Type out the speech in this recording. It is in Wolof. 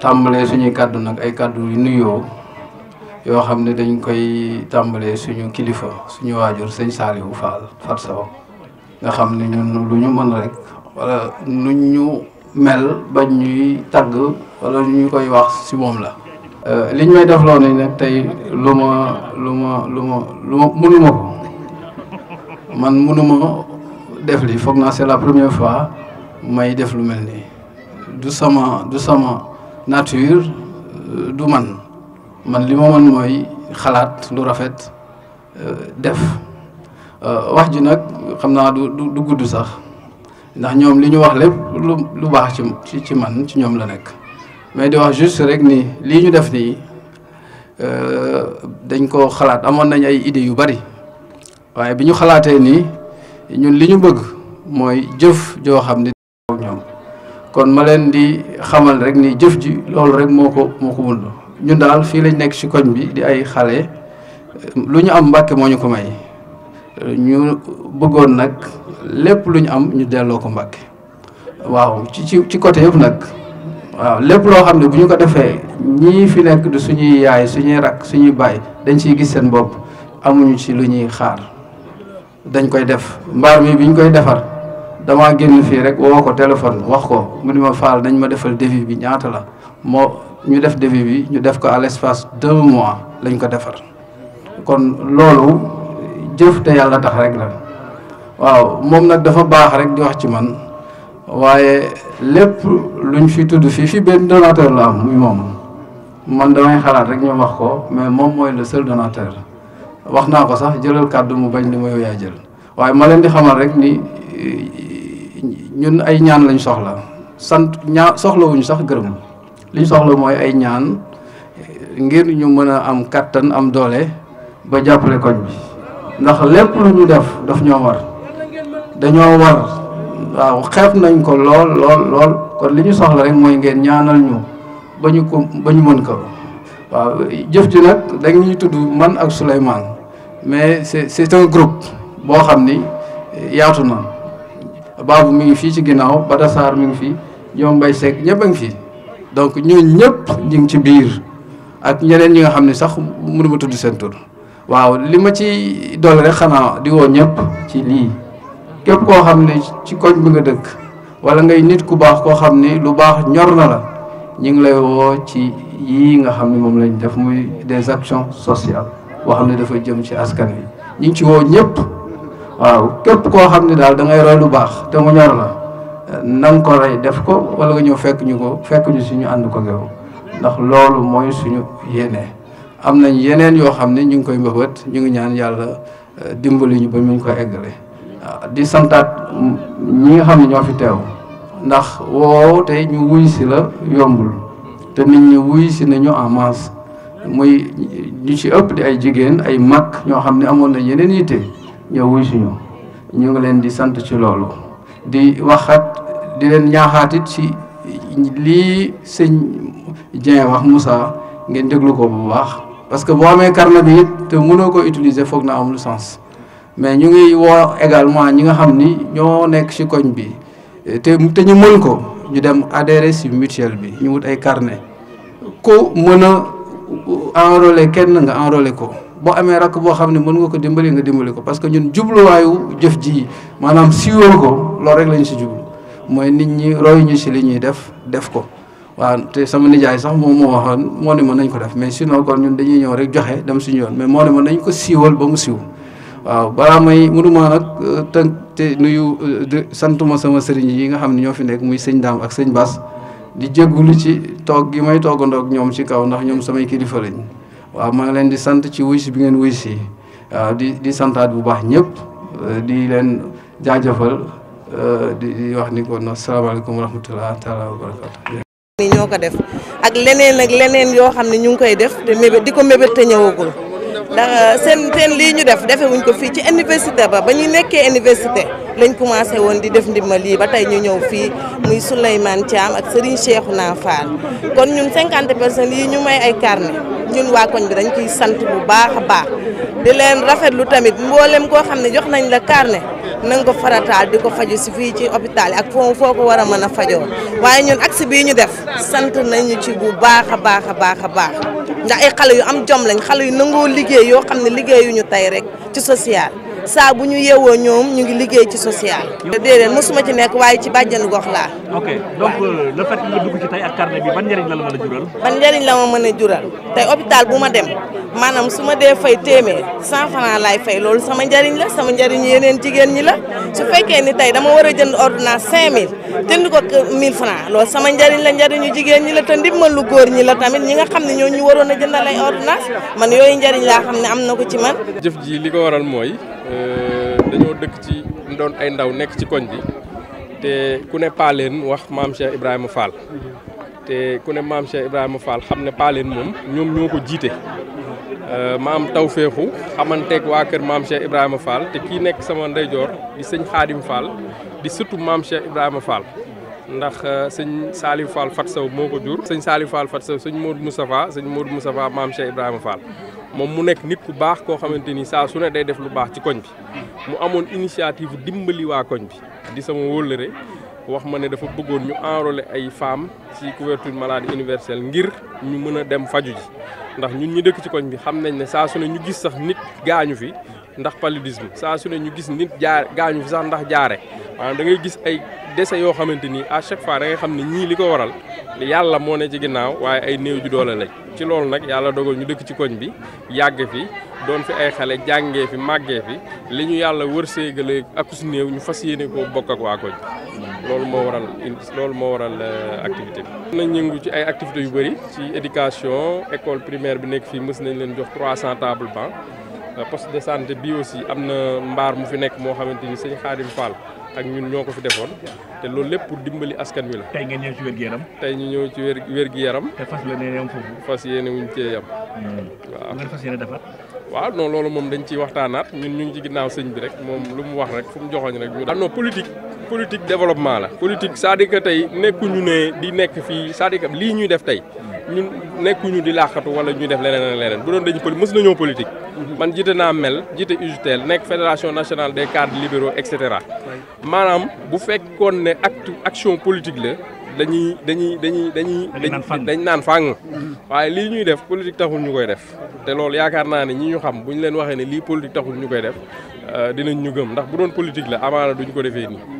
tàmbalee suñuy kàddu nag ay kàddu yu nuyoo yoo xam ne dañ koy tàmbalee suñu kilifa suñu waajur sëñ Saliou Fall Fat Sow nga xam ne ñun lu ñu mën rek walla nu ñu mel bañ ñuy tagg wala ñu koy wax si moom la. Euh, li ñu may def loo nañ tey lu ma lu ma lu ma lu ko man mënuma def lii foog naa c'est la première fois may def lu mel nii du sama du sama. nature euh, du man man li ma mën mooy xalaat lu rafet euh, def euh, wax ji nag xam naa du du gudd sax ndax ñoom li ñu wax lépp lu baax ci ci man ci ñoom la nekk mais di wax juste rek ni lii ñu def nii dañ ko xalaat amoon nañ ay idées yu bari waaye bi ñu xalaatee nii ñun li ñu bëgg mooy jëf joo xam ni kon ma leen di xamal rek ni jëf ji loolu rek moo ko moo ko wund ñun daal fii lañ nekk ci koñ bi di ay xale lu ñu am Mbàkke moo ñu ko may ñu bëggoon nag lépp lu ñu am ñu delloo ko Mbàkke waaw ci ci ci côté yëpp nag waaw lépp loo xam ne bu ñu ko defee ñii fi nekk du suñuy yaay suñuy rakk suñuy baay dañ ciy gis seen bopp amuñu ci lu ñuy xaar dañ koy def mbaar mi bi ñu koy defar damaa génn fii rek woo ko téléphone wax ko mu ni ma faal nañ ma defal devis bi ñaata la moo ñu def devis bi ñu def ko à l'espace deux mois lañ ko defar kon loolu jëf te yàlla tax rek la waaw moom nag dafa baax rek di wax ci man waaye lépp luñ fi tudd fii fii benn donateur la am muy moom man damay xalaat rek ñu wax ko mais moom mooy le seul donateur wax naa ko sax jëlal kàddu mu bañ li ma yow jël waaye ma leen di xamal rek ni ñun ay ñaan lañ soxla sant ñaa soxlawuñu sax gërëm liñ soxla mooy ay ñaan ngir ñu mën a am kàttan am doole ba jàppale koñ bi ndax lépp lu ñu def daf ñoo war dañoo war waaw xeeb nañ ko lool lool lool kon li ñu soxla rek mooy ngeen ñaanal ñu ba ñu ko ba ñu mën ko waaw jëf ji nag dañuy tudd man ak Souleymane mais c'est c'est un groupe boo xam ni yaatu na baabu mi ngi fii ci ginnaaw Bada Sarr mu ngi fii ñoom Mbaye Seck ñëpp a ngi fii donc ñooñu ñëpp ñu ci biir ak ñeneen ñi nga xam ne sax mënu ma tudd seen tur waaw li ma ci dolli xanaa di woo ñëpp ci lii képp koo xam ne ci koñ bi nga dëkk wala ngay nit ku baax koo xam ne lu baax ñor na la ñu ngi lay woo ci yii nga xam ne moom lañ def muy des actions sociales boo xam ne dafa jëm ci askan wi ñu ci woo ñëpp. waaw képp koo xam ne daal da ngay roy lu baax te mu ñor la nan ko rey def ko wala nga ñëw fekk ñu ko fekk ñu suñu ànd ko yow ndax loolu mooy suñu yéene am nañ yeneen yoo xam ne ñu ngi koy mbëbët ñu ngi ñaan yàlla euh, dimbali ñu ba muñ ko eggale ah, di santaat ñi nga xam ne ñoo fi ndax woow tey si la yombul te nit ñi si nañu en masse muy ñu ci ëpp di ay jigéen ay mag ñoo xam ne amoon nañ yeneen yitte ñëw wuy suñu ñu ngi leen di sant ci loolu di waxat di leen ñaaxaatit ci lii sëñ Dieng wax Moussa ngeen déglu ko bu baax parce que boo amee carnet bi te mënoo ko utiliser foog na amul sens mais ñu ngi woo également ñi nga xam ni ñoo nekk ci koñ bi te te ñu mën ko ñu dem adhérer si mutuelle bi ñu wut ay carnet ku mën a kenn nga enrôler ko boo amee rakk boo xam ne mënuma ko dimbali nga dimbali ko parce que ñun jubluwaayu jëf ji maanaam siiwoo ko loolu rek lañu si jublu mooy nit ñi roy ñu si li ñuy def def ko waaw te sama nijaay sax moom moo waxoon moo ne mën nañ ko def mais sinon kon ñun dañuy ñëw rek joxe dem suñu yoon mais moo ne mën nañ ko siiwal ba mu siiw waaw balaa may mënuma nag euh, tënk te nuyu euh, santuma sama sëriñ yi nga xam ne ñoo fi nekk muy sëñ Daam ak sëñ bas di jéggulu ci toog gi may toogandoog ñoom ci kaw ndax ñoom samay kilifa lañ waaw maa ngi leen di sant ci wuy bi ngeen wuy si waaw di di santaat bu baax ñëpp euh, di leen jaajëfal euh, di di wax ni kon asalaamaaleykum wa rahmatulah taala wa def ak leneen ak leneen yoo xam ne ñu ngi koy def di ko mébét te ñëwagul euh, seen seen lii ñu def defewuñ ko fii ci université ba ba ñu nekkee université lañ commencé woon di def ndimbal lii ba tey ñu ñëw fii muy Souleymane Thiam ak Serigne Cheikhouna Fall kon ñun cinquante personnes yi ñu may ay carnet ñun waa koñ bi dañ koy sant bu baax a baax di leen rafetlu tamit mboolem koo xam ne jox nañ la carnet nanga ko farataal di ko faju si fii ci hôpital yi ak foo foo ko war a mën a fajoo waaye ñun aksi bii ñu def sant nañu ci bu baax a baax a baax a baax ndax ay xale yu am jom lañ xale yu nangoo liggéey yoo xam ne liggéeyuñu tey rek ci social saa bu ñu yeewoo ñoom ñu ngi liggéey ci social. déedéet mosuma ci nekk waaye ci bàjjenu gox laa. ok donc euh, le fait nga dugg ci tey ak carnet bi ban njëriñ la la mën a jural. ban njëriñ la ma a ma dem su ma dee fay téeméer cent franc laay fay loolu sama njëriñ la sama njëriñ yeneen jigéen ñi la su fekkee ni tey dama war a jënd ordonnance cinq mille jënd ko mille franc la njëriñu jigéen ñi la te ndimbalu góor ñi la tamit ñi nga xam ne ñoo ñu waroon mën man yooyu njëriñ laa xam ne am na ko ci man. jëf ji li ko waral mooy euh, dañoo dëkk ci doon ay ndaw nekk ci koñ bi te ku ne paaleen wax maam Cheikh Ibrahima Fall te ku ne maam Cheikh Ibrahima Fall xam ne paaleen moom ñoom ñoo ko jiite. Euh, ma am taw féexu xamanteeg waa kër maam Cheikh Ibrahima Fall te kii nekk sama ndeyjoor di sëñ Xaadim Fall di surtout maam Cheikh Ibrahima Fall. ndax euh, sëñ Saliou Fall Fat Sow moo ko jur sëñ Saliou Fall Fat Sow sëñ Modou Moustapha sëñ Modou Moustapha maam Cheikh Ibrahima Fall moom mu nekk nit ku baax koo xamante ni saa su ne day def lu baax ci koñ bi mu amoon initiative dimbali waa koñ bi di sama wóllëre wax ma ne dafa bëggoon ñu enrôler ay femmes ci couverture maladie universelle ngir ñu mën a dem faju ji ndax ñun ñu dëkk ci koñ bi xam nañ ne saa su ne ñu gis sax nit gaañu fi ndax paludisme saa su ne ñu gis nit jaar gaañu fi sax ndax jaare maanaam da ngay gis ay décès yoo xamante ni à chaque fois da ngay xam ne ñii li ko waral yàlla moo ne ci ginnaaw waaye ay néew ju doole lañ ci loolu nag yàlla dogal ñu dëkk ci koñ bi yàgg fi doon fi ay xale jàngee fi màggee fi li ñu yàlla wërsëgale ak su néew ñu fas yéene koo bokk ak waa koñ loolu moo waral loolu moo waral euh, activité bi. nañ yëngu ci ay activités yu bëri ci éducation école primaire bi nekk fii mës nañ leen jox 300 table banc Euh, poste de santé bii aussi am na mbaar mu fi nekk moo xamante ni sëñ Xaadim Fall ak ñun ñoo ko fi defoon te loolu lépp pour dimbali askan wi la. tey ngeen ci wér gu yaram. tey ñu ñëw ci wér wér gu yaram. te fas la nee yam foofu. fas yéene wuñ cee yam. Hmm. waaw ngeen fas loolu moom dañ ciy waxtaanaat ñun ñu ngi ci ginnaaw sëñ bi rek moom lu mu wax rek fu mu joxoñ rek ñu. ah non politique développement la. politique c'est-à-dire tey nekkuñu ne di nekk fii c'est-à-dire que lii ñuy def tey. ñun nekkuñu di laaxatu wala ñu def leneen ak leneen bu doon dañu poli mës nañoo politique. Mhm. man jiite naamel mel jiite UJTL nekk fédération nationale des cadres libéraux et cetera. maanaam bu fekk koon ne acte action politique la dañuy dañuy dañuy dañuy. dañ naan fàng mhm. waaye lii ñuy def politique taxul ñu koy def. te loolu yaakaar naa ne ñi ñu xam bu ñu leen waxee ne lii politique taxul ñu koy def euh, dinañ ñu gëm ndax bu doon politique la amaana duñ ko defee nii.